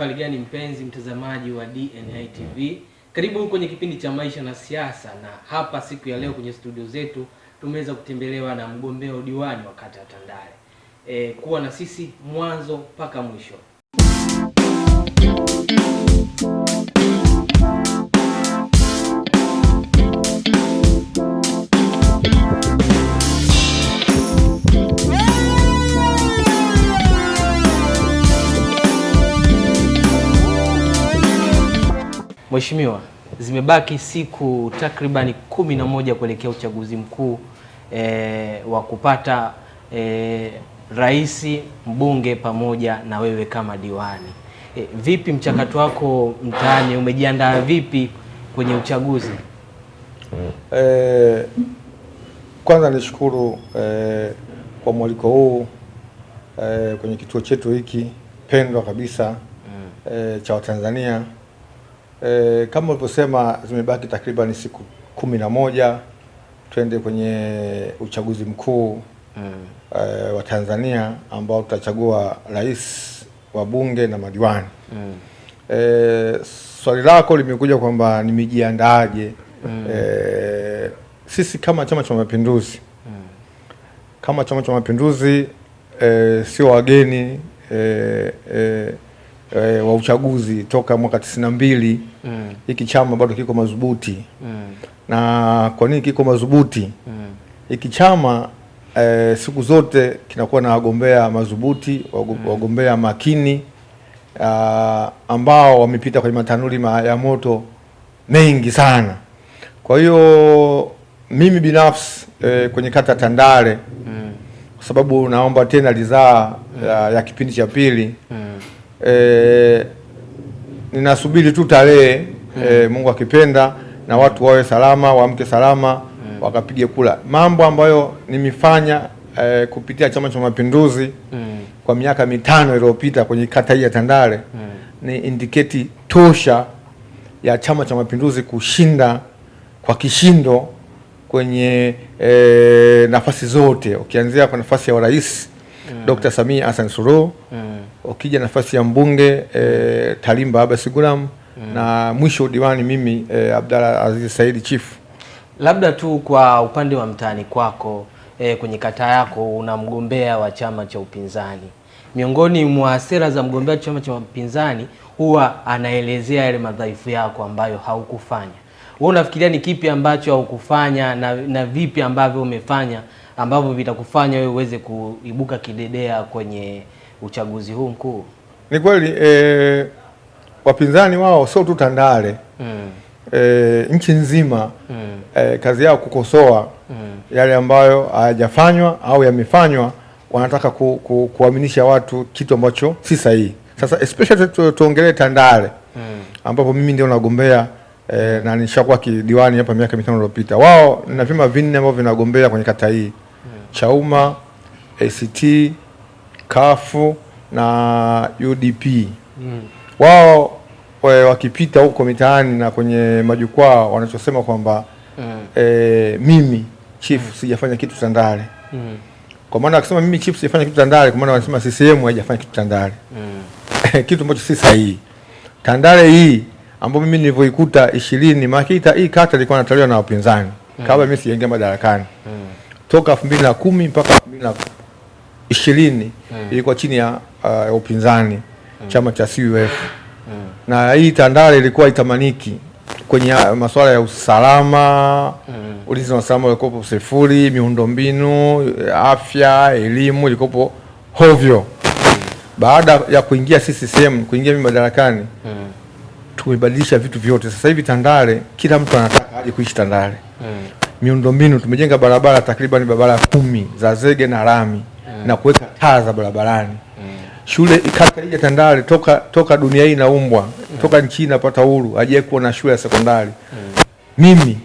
hali gani mpenzi mtazamaji wa DNA TV, karibu kwenye kipindi cha maisha na siasa, na hapa siku ya leo kwenye studio zetu tumeweza kutembelewa na mgombea udiwani wa kata ya Tandale. E, kuwa na sisi mwanzo mpaka mwisho Mheshimiwa, zimebaki siku takribani kumi na moja kuelekea uchaguzi mkuu e, wa kupata e, rais, mbunge pamoja na wewe kama diwani. E, vipi mchakato wako mtaani, umejiandaa vipi kwenye uchaguzi? E, kwanza nishukuru e, kwa mwaliko huu e, kwenye kituo chetu hiki pendwa kabisa e, cha Watanzania E, kama ulivyosema zimebaki takriban siku kumi na moja twende kwenye uchaguzi mkuu mm. e, wa Tanzania ambao tutachagua rais wa bunge na madiwani mm. e, swali lako limekuja kwamba nimejiandaaje? mm. e, sisi kama Chama cha Mapinduzi mm. kama Chama cha Mapinduzi e, sio wageni e, e, e, wa uchaguzi toka mwaka tisini na mbili hiki mm. chama bado kiko madhubuti mm. na kwa nini kiko madhubuti hiki mm. chama e, eh, siku zote kinakuwa na wagombea madhubuti wagombea mm. makini a, ah, ambao wamepita kwenye matanuri ya moto mengi sana. Kwa hiyo mimi binafsi e, kwenye kata Tandale mm. kwa sababu naomba tena ridhaa mm. ya, ya kipindi cha pili mm. e, ninasubiri tu tarehe e, Mungu akipenda na watu wawe salama, waamke salama, eh. wakapige kula. Mambo ambayo nimefanya e, kupitia Chama cha Mapinduzi kwa miaka mitano iliyopita kwenye kata hii ya Tandale ni indiketi tosha ya Chama cha Mapinduzi kushinda kwa kishindo kwenye e, nafasi zote ukianzia kwa nafasi ya urais Eh. Dr. Samia Hassan Suluhu, ukija eh. nafasi ya mbunge e, eh, Talimba Abbas Gulam na mwisho diwani mimi e, Abdalla Aziz Saidi Chief. Labda tu kwa upande wa mtaani kwako e, kwenye kata yako una mgombea wa chama cha upinzani. Miongoni mwa sera za mgombea wa chama cha upinzani huwa anaelezea yale madhaifu yako ambayo haukufanya wewe unafikiria ni kipi ambacho haukufanya na, na vipi ambavyo umefanya ambavyo vitakufanya wewe uweze kuibuka kidedea kwenye uchaguzi huu mkuu? Ni kweli eh, wapinzani wao sio tu Tandale mm. E, nchi nzima mm. E, kazi yao kukosoa mm. yale ambayo hayajafanywa au yamefanywa, wanataka ku, ku, kuaminisha watu kitu ambacho si sahihi. Sasa especially tuongelee Tandale mm. ambapo mimi ndio nagombea e, na nishakuwa kidiwani hapa miaka mitano iliyopita. Wao na vyama vinne ambavyo vinagombea kwenye kata hii hmm. Chauma, ACT, Kafu na UDP hmm. Wao eh, wakipita huko mitaani na kwenye majukwaa wanachosema kwamba hmm. e, mimi chief hmm. sijafanya kitu cha Ndale mm. kwa maana akisema mimi chief sijafanya kitu cha Ndale, kwa maana wanasema CCM haijafanya kitu cha Ndale mm. kitu ambacho si sahihi. Tandale hii ambao mimi nilivyoikuta 20 maana hii kata ilikuwa inatolewa na wapinzani mm. kabla mimi sijaingia madarakani mm. toka 2010 mpaka 2020 mm. Eh. ilikuwa chini ya uh, upinzani mm. chama cha CUF mm. na hii Tandale ilikuwa itamaniki kwenye uh, masuala ya usalama mm. ulinzi na usalama ulikopo sifuri, miundombinu, afya, elimu ilikopo hovyo mm. baada ya kuingia sisi sehemu kuingia mimi madarakani mm tumebadilisha vitu vyote. Sasa hivi Tandale kila mtu anataka aje kuishi Tandale mm. miundombinu tumejenga barabara takriban barabara kumi za zege na rami mm. Eh. na kuweka taa za barabarani mm. shule kata ya Tandale toka toka dunia hii inaumbwa mm. toka nchi inapata uhuru kuwa na shule ya sekondari mm. mimi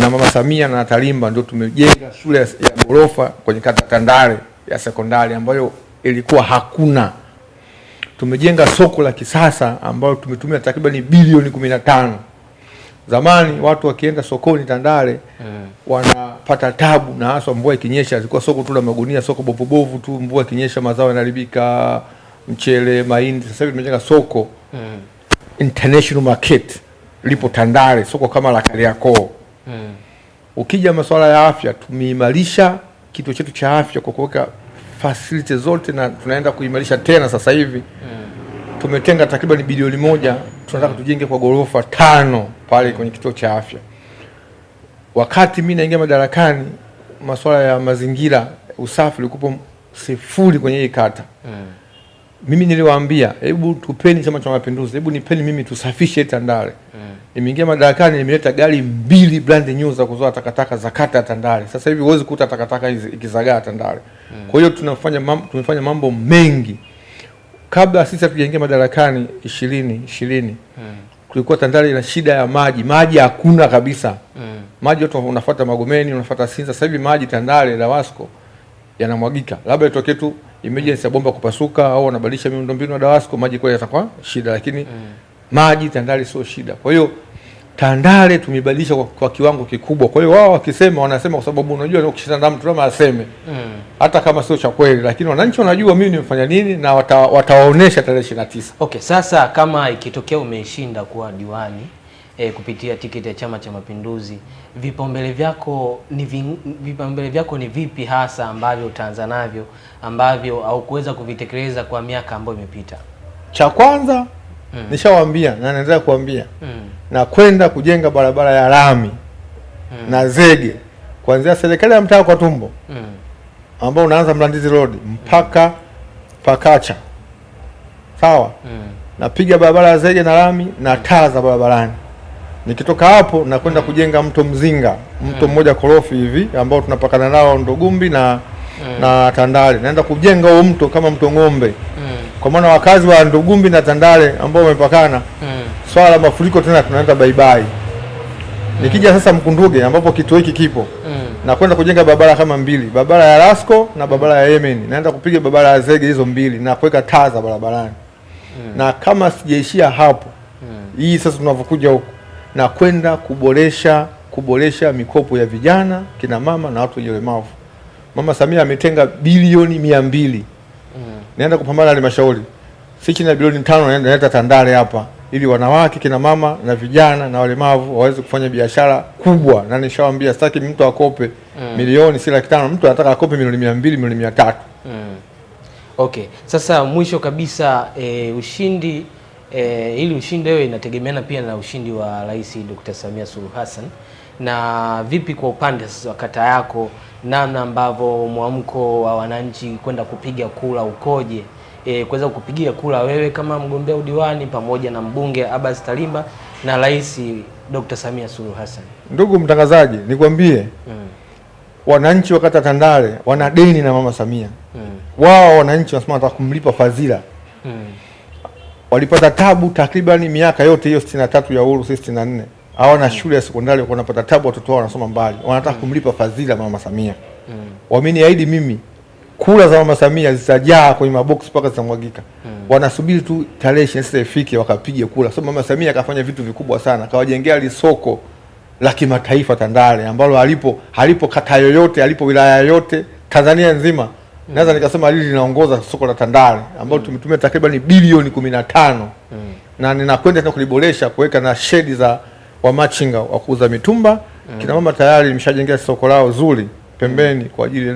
na mama Samia na Talimba ndio tumejenga shule ya gorofa kwenye kata Tandale ya sekondari ambayo ilikuwa hakuna tumejenga soko la kisasa ambalo tumetumia takriban bilioni kumi na tano. Zamani watu wakienda sokoni Tandale mm. wanapata tabu, na hasa mvua ikinyesha, zilikuwa soko tu la magunia, soko bovubovu tu. Mvua ikinyesha, mazao yanaharibika, mchele, mahindi. Sasa hivi tumejenga soko mm. international market lipo Tandale, soko kama la Kariakoo mm. Ukija masuala ya afya, tumeimarisha kituo chetu cha afya kwa kuweka facility zote na tunaenda kuimarisha tena sasa hivi mm. tumetenga takriban bilioni moja tunataka tujenge kwa ghorofa tano pale kwenye kituo cha afya. Wakati mimi naingia madarakani, masuala ya mazingira, usafi ulikuwa sifuri kwenye hii kata mm. Mimi niliwaambia hebu tupeni Chama cha Mapinduzi, hebu nipeni mimi tusafishe Tandale mm. Nimeingia madarakani, nimeleta gari mbili brand new za kuzoa takataka za kata ya Tandale. Sasa hivi huwezi kuta takataka hizi ikizagaa Tandale. Kwa hiyo tunafanya mambo, tumefanya mambo mengi kabla sisi hatujaingia madarakani ishirini ishirini kulikuwa Tandale ina shida ya maji, maji hakuna kabisa mm. maji watu unafuata Magomeni, unafuata Sinza. Sasa hivi maji Tandale Dawasco yanamwagika, labda itokee tu emergency ya bomba kupasuka au wanabadilisha miundombinu ya Dawasco, maji kwa yatakuwa shida, lakini mm. maji Tandale sio shida, kwa hiyo Tandale tumebadilisha kwa, kwa kiwango kikubwa. Kwa hiyo wao wakisema wanasema kwa sababu unajua ukishindana na mtu lazima aseme mm. hata kama sio cha kweli, lakini wananchi wanajua mimi nimefanya nini na wata, watawaonesha tarehe tisa. Okay, sasa kama ikitokea umeshinda kuwa diwani e, kupitia tiketi ya Chama cha Mapinduzi, vipaumbele vyako ni vipaumbele vyako ni vipi hasa ambavyo utaanza navyo ambavyo au kuweza kuvitekeleza kwa miaka ambayo imepita? Cha kwanza mm. nishawaambia na naendelea kuambia mm na kwenda kujenga barabara ya lami hmm. na zege kuanzia serikali ya mtaa kwa tumbo hmm. ambao unaanza Mlandizi Road mpaka hmm. Pakacha sawa hmm. napiga barabara ya zege na lami na taa za barabarani. Nikitoka hapo nakwenda kujenga mto Mzinga, mto hmm. mmoja korofi hivi ambao tunapakana nao Ndogumbi na mm. na Tandale. Naenda kujenga huo mto kama mto Ng'ombe hmm. kwa maana wakazi wa Ndogumbi na Tandale ambao wamepakana hmm swala la mafuriko tena tunaenda bye bye. Nikija sasa Mkunduge ambapo kitu hiki kipo mm. na kwenda kujenga barabara kama mbili, barabara ya Rasco na barabara ya Yemen, naenda kupiga barabara ya zege hizo mbili na kuweka taa za barabarani mm. na kama sijaishia hapo mm. hii sasa tunavyokuja huko na kwenda kuboresha kuboresha mikopo ya vijana, kina mama na watu wenye ulemavu. Mama Samia ametenga bilioni mia mbili mm. naenda kupambana na halmashauri si chini ya bilioni tano, naenda Tandale hapa ili wanawake, kina mama na vijana na walemavu waweze kufanya biashara kubwa, na nishawambia sitaki mtu akope mm. milioni si laki tano, mtu anataka akope milioni mia mbili milioni mia tatu mm. Okay, sasa mwisho kabisa e, ushindi e, ili ushindi wewe inategemeana pia na ushindi wa Rais Dr. Samia Suluhu Hassan na vipi kwa upande sasa wa kata yako, namna ambavyo mwamko wa wananchi kwenda kupiga kura ukoje? e, kuweza kukupigia kura wewe kama mgombea udiwani pamoja na mbunge Abbas Talimba na Rais Dr. Samia Suluhu Hassan. Ndugu mtangazaji, nikwambie mm. wananchi wa kata Tandale wana deni na Mama Samia mm. wao wananchi wanasema wanataka kumlipa fadhila mm. walipata tabu takribani miaka yote hiyo sitini na tatu ya uhuru sitini na nne hawana mm. shule ya sekondari, wanapata tabu, watoto wao wanasoma mbali, wanataka mm. kumlipa fadhila Mama Samia mm. wameniahidi mimi kura za Mama Samia zitajaa kwenye maboksi mpaka zitamwagika. Hmm. Wanasubiri tu tarehe ishirini na sita ifike wakapige kura. So Mama Samia akafanya vitu vikubwa sana, akawajengea lisoko la kimataifa Tandale ambalo halipo halipo kata yoyote halipo wilaya yoyote Tanzania nzima. Hmm. Naweza nikasema hili linaongoza soko la Tandale ambalo hmm, tumetumia takriban bilioni 15. Hmm. Na ninakwenda tena kuliboresha kuweka na shedi za wamachinga wa kuuza mitumba. Hmm. Kina mama tayari nimeshajengea soko lao zuri pembeni kwa ajili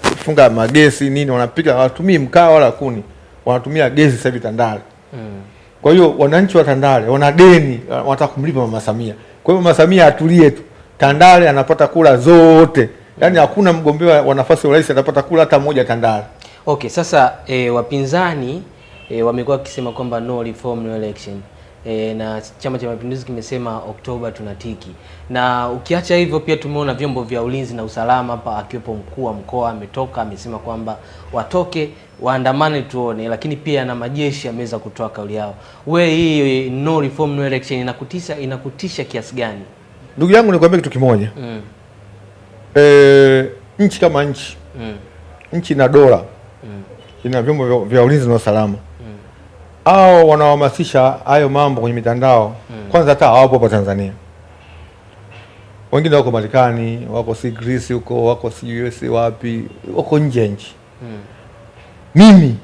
funga magesi nini, wanapika hawatumii mkaa wala kuni, wanatumia gesi sasa hivi Tandale. Mm. Kwa hiyo wananchi wa Tandale wana deni, wanataka kumlipa mama Samia. Kwa hiyo mama Samia atulie tu, Tandale anapata kula zote, yaani mm. hakuna mgombea wa nafasi ya urais atapata kula hata moja Tandale. Okay, sasa e, wapinzani e, wamekuwa wakisema kwamba no reform no election e, na Chama cha Mapinduzi kimesema Oktoba tunatiki. Na ukiacha hivyo, pia tumeona vyombo vya ulinzi na usalama hapa, akiwepo mkuu wa mkoa ametoka amesema kwamba watoke waandamane tuone, lakini pia na majeshi ameweza kutoa kauli yao. We, hii no reform no election inakutisha, inakutisha kiasi gani? Ndugu yangu nikwambia kitu kimoja mm. E, nchi kama nchi mm. nchi na dola mm. ina vyombo vya ulinzi na usalama au wanaohamasisha hayo mambo kwenye mitandao hmm. Kwanza hata hawapo hapa Tanzania, wengine wako Marekani, wako si Greece huko, wako si US wapi, wako nje nchi hmm. Mimi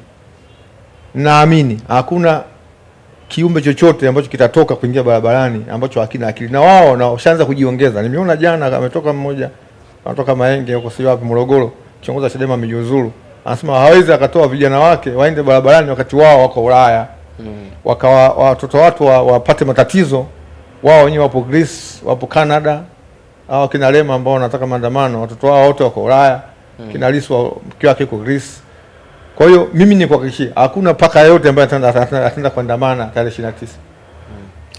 naamini hakuna kiumbe chochote ambacho kitatoka kuingia barabarani ambacho hakina akili, na wao wanashaanza kujiongeza. Nimeona jana ametoka mmoja anatoka Mahenge huko si wapi, Morogoro, kiongozi wa Chadema amejiuzuru, anasema hawezi akatoa vijana wake waende barabarani wakati wao wako Ulaya mm. wakawa watoto watu wapate wa matatizo, wao wenyewe wapo Greece, wapo Canada, au kina Lema ambao wanataka maandamano, watoto wao wote wako Ulaya mm. kina Lissu mke wake yuko Greece. Kwa hiyo mimi ni kuhakikishia hakuna paka yote ambaye atenda kuandamana tarehe 29. Mm.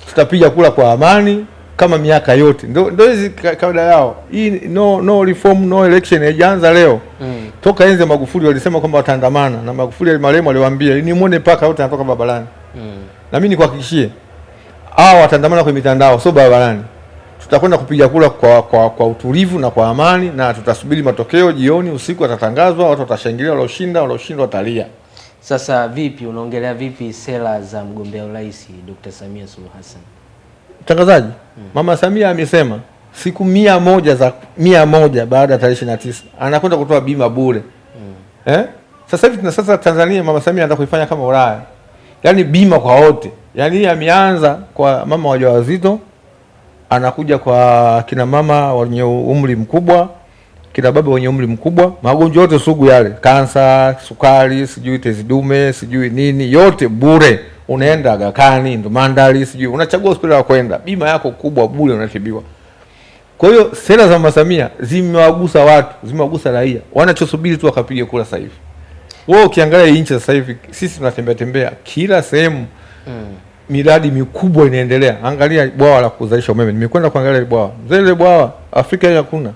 Tutapiga kula kwa amani kama miaka yote. ndio hizi kawaida yao. Hii no no reform no election haijaanza leo. Mm toka enzi ya Magufuli walisema kwamba wataandamana, na Magufuli marehemu aliwaambia nimwone paka wote anatoka barabarani mm. na mimi nikuhakikishie hawa wataandamana kwenye mitandao, sio barabarani. Tutakwenda kupiga kura kwa, kwa, kwa utulivu na kwa amani, na tutasubiri matokeo. Jioni usiku atatangazwa watu watashangilia, walioshinda, walioshindwa watalia. Sasa vipi, unaongelea vipi sera za mgombea urais Dr. Samia Suluhu Hassan? Mtangazaji, mm. Mama Samia amesema siku mia moja za mia moja baada ya tarehe ishirini na tisa anakwenda kutoa bima bure mm. eh? Sasa hivi tuna sasa Tanzania Mama Samia anataka kuifanya kama Ulaya, yaani bima kwa wote, yaani hii ameanza kwa mama wajawazito, anakuja kwa kina mama wenye umri mkubwa, kina baba wenye umri mkubwa, magonjwa yote sugu yale, kansa, sukari, sijui tezi dume, sijui nini, yote bure. Unaenda Agakani, Ndumandali, sijui unachagua hospitali ya kwenda, bima yako kubwa bure, unatibiwa. Kwa hiyo sera za Mama Samia zimewagusa watu, zimewagusa raia, wanachosubiri tu wakapige kura sasa hivi. Wewe ukiangalia hii nchi sasa hivi, sisi tunatembea tembea kila sehemu mm. miradi mikubwa inaendelea. Angalia bwawa la kuzalisha umeme, nimekwenda kuangalia ile bwawa mzee, ile bwawa Afrika hii hakuna.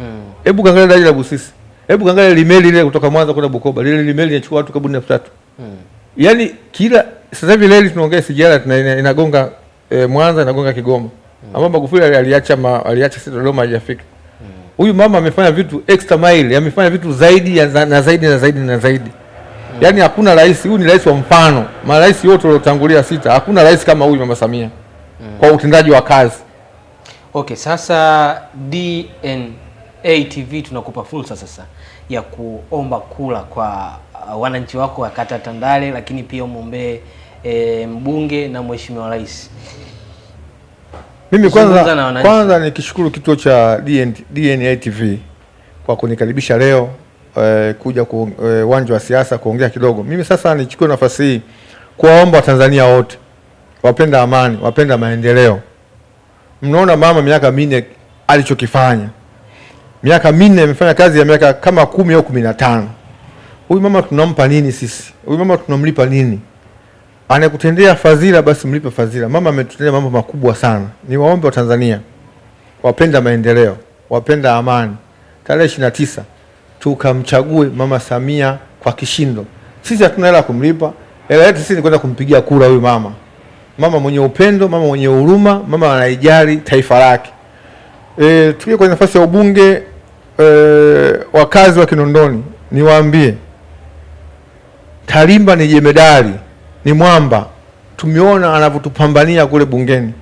Mm. Hebu mm. kaangalia daraja la Busisi, hebu kaangalia limeli ile kutoka Mwanza kwenda Bukoba, lile limeli inachukua watu karibu elfu tatu mm. yaani kila sasa hivi leli tunaongea, sijara inagonga eh, Mwanza inagonga Kigoma mm mm. ambao Magufuli aliacha ma, aliacha sisi Dodoma hajafika huyu mm. mama amefanya vitu extra mile, amefanya vitu zaidi ya, na zaidi na zaidi na zaidi mm. yaani hakuna rais, huyu ni rais wa mfano. Marais wote waliotangulia sita, hakuna rais kama huyu mama Samia mm. kwa utendaji wa kazi. Okay, sasa DNA TV tunakupa fursa sasa ya kuomba kula kwa uh, wananchi wako wa kata Tandale, lakini pia umwombee eh, mbunge na mheshimiwa rais. Mimi kwanza, kwanza nikishukuru kituo cha DNA TV kwa kunikaribisha leo eh, kuja eh, uwanja eh, wa siasa kuongea kidogo. Mimi sasa nichukue nafasi hii kuwaomba Watanzania wote wapenda amani, wapenda maendeleo. Mnaona mama miaka minne alichokifanya, miaka minne amefanya kazi ya miaka kama kumi au kumi na tano. Huyu mama tunampa nini sisi? Huyu mama tunamlipa nini? anayekutendea fadhila basi mlipe fadhila. Mama ametutendea mambo makubwa sana. Ni waombe wa Tanzania wapenda maendeleo, wapenda amani, tarehe ishirini na tisa tukamchague Mama Samia kwa kishindo. Sisi hatuna hela kumlipa, hela yetu sisi ni kwenda kumpigia kura huyu mama, mama mwenye upendo, mama mwenye huruma, mama anaijali taifa lake. E, tukiwa kwenye nafasi ya ubunge e, wakazi wa Kinondoni niwaambie, Tarimba ni jemedari ni mwamba. Tumeona anavyotupambania kule bungeni,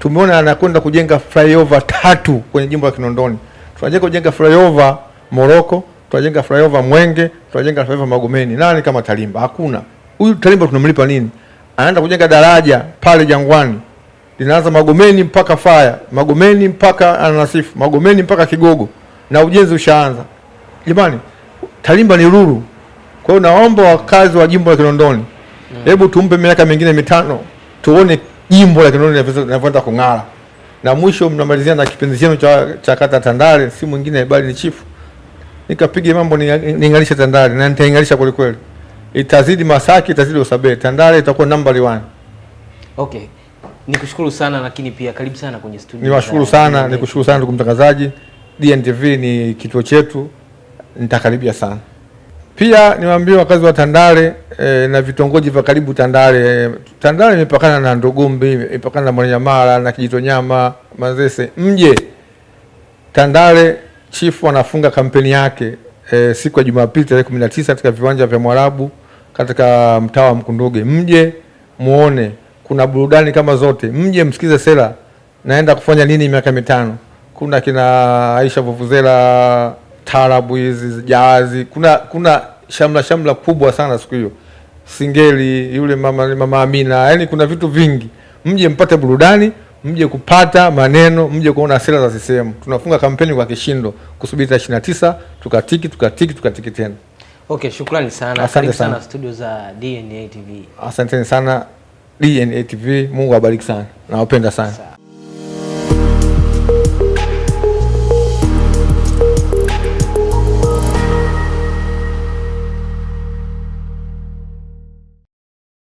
tumeona anakwenda kujenga flyover tatu kwenye jimbo la Kinondoni. Tunajenga kujenga flyover Moroko, tunajenga flyover Mwenge, tunajenga flyover Magomeni. Nani kama Talimba? Hakuna. Huyu Talimba tunamlipa nini? Anaenda kujenga daraja pale Jangwani, linaanza Magomeni mpaka Faya, Magomeni mpaka Ananasifu, Magomeni mpaka Kigogo, na ujenzi ushaanza. Jamani, Talimba ni ruru. Kwa hiyo naomba wakazi wa jimbo la Kinondoni Hebu tumpe miaka mingine mitano tuone jimbo la Kinondoni linavyoenda kung'ara. Na mwisho mnamalizia na kipenzi chenu cha, cha kata Tandale, si mwingine bali ni chifu. Nikapiga mambo niingalishe Tandale na nitaingalisha kweli kweli. Itazidi Masaki, itazidi Usabe. Tandale itakuwa number one. Okay. Nikushukuru sana lakini pia karibu sana kwenye studio. Niwashukuru sana, nikushukuru sana ndugu mtangazaji. DNTV ni kituo chetu. Nitakaribia sana. Pia niwaambie wakazi wa Tandale e, na vitongoji vya karibu Tandale. Tandale imepakana na Ndugumbi, imepakana na Mwananyamala na Kijitonyama, Manzese. Mje Tandale, chifu anafunga kampeni yake e, siku ya Jumapili tarehe 19 katika viwanja vya Mwarabu katika mtaa wa Mkunduge. Mje muone, kuna burudani kama zote. Mje msikize sera naenda kufanya nini miaka mitano. Kuna kina Aisha Vuvuzela tarabu hizi jazi, kuna kuna shamla shamla kubwa sana siku hiyo, singeli yule mama, mama Amina, yaani kuna vitu vingi, mje mpate burudani, mje kupata maneno, mje kuona sera za CCM. Tunafunga kampeni kwa kishindo, kusubiri tarehe ishirini na tisa tukatiki tukatiki tukatiki tena. Okay, shukrani sana. Asante sana. Sana studio za DNA TV. Asanteni sana DNA TV. Mungu awabariki sana, nawapenda sana.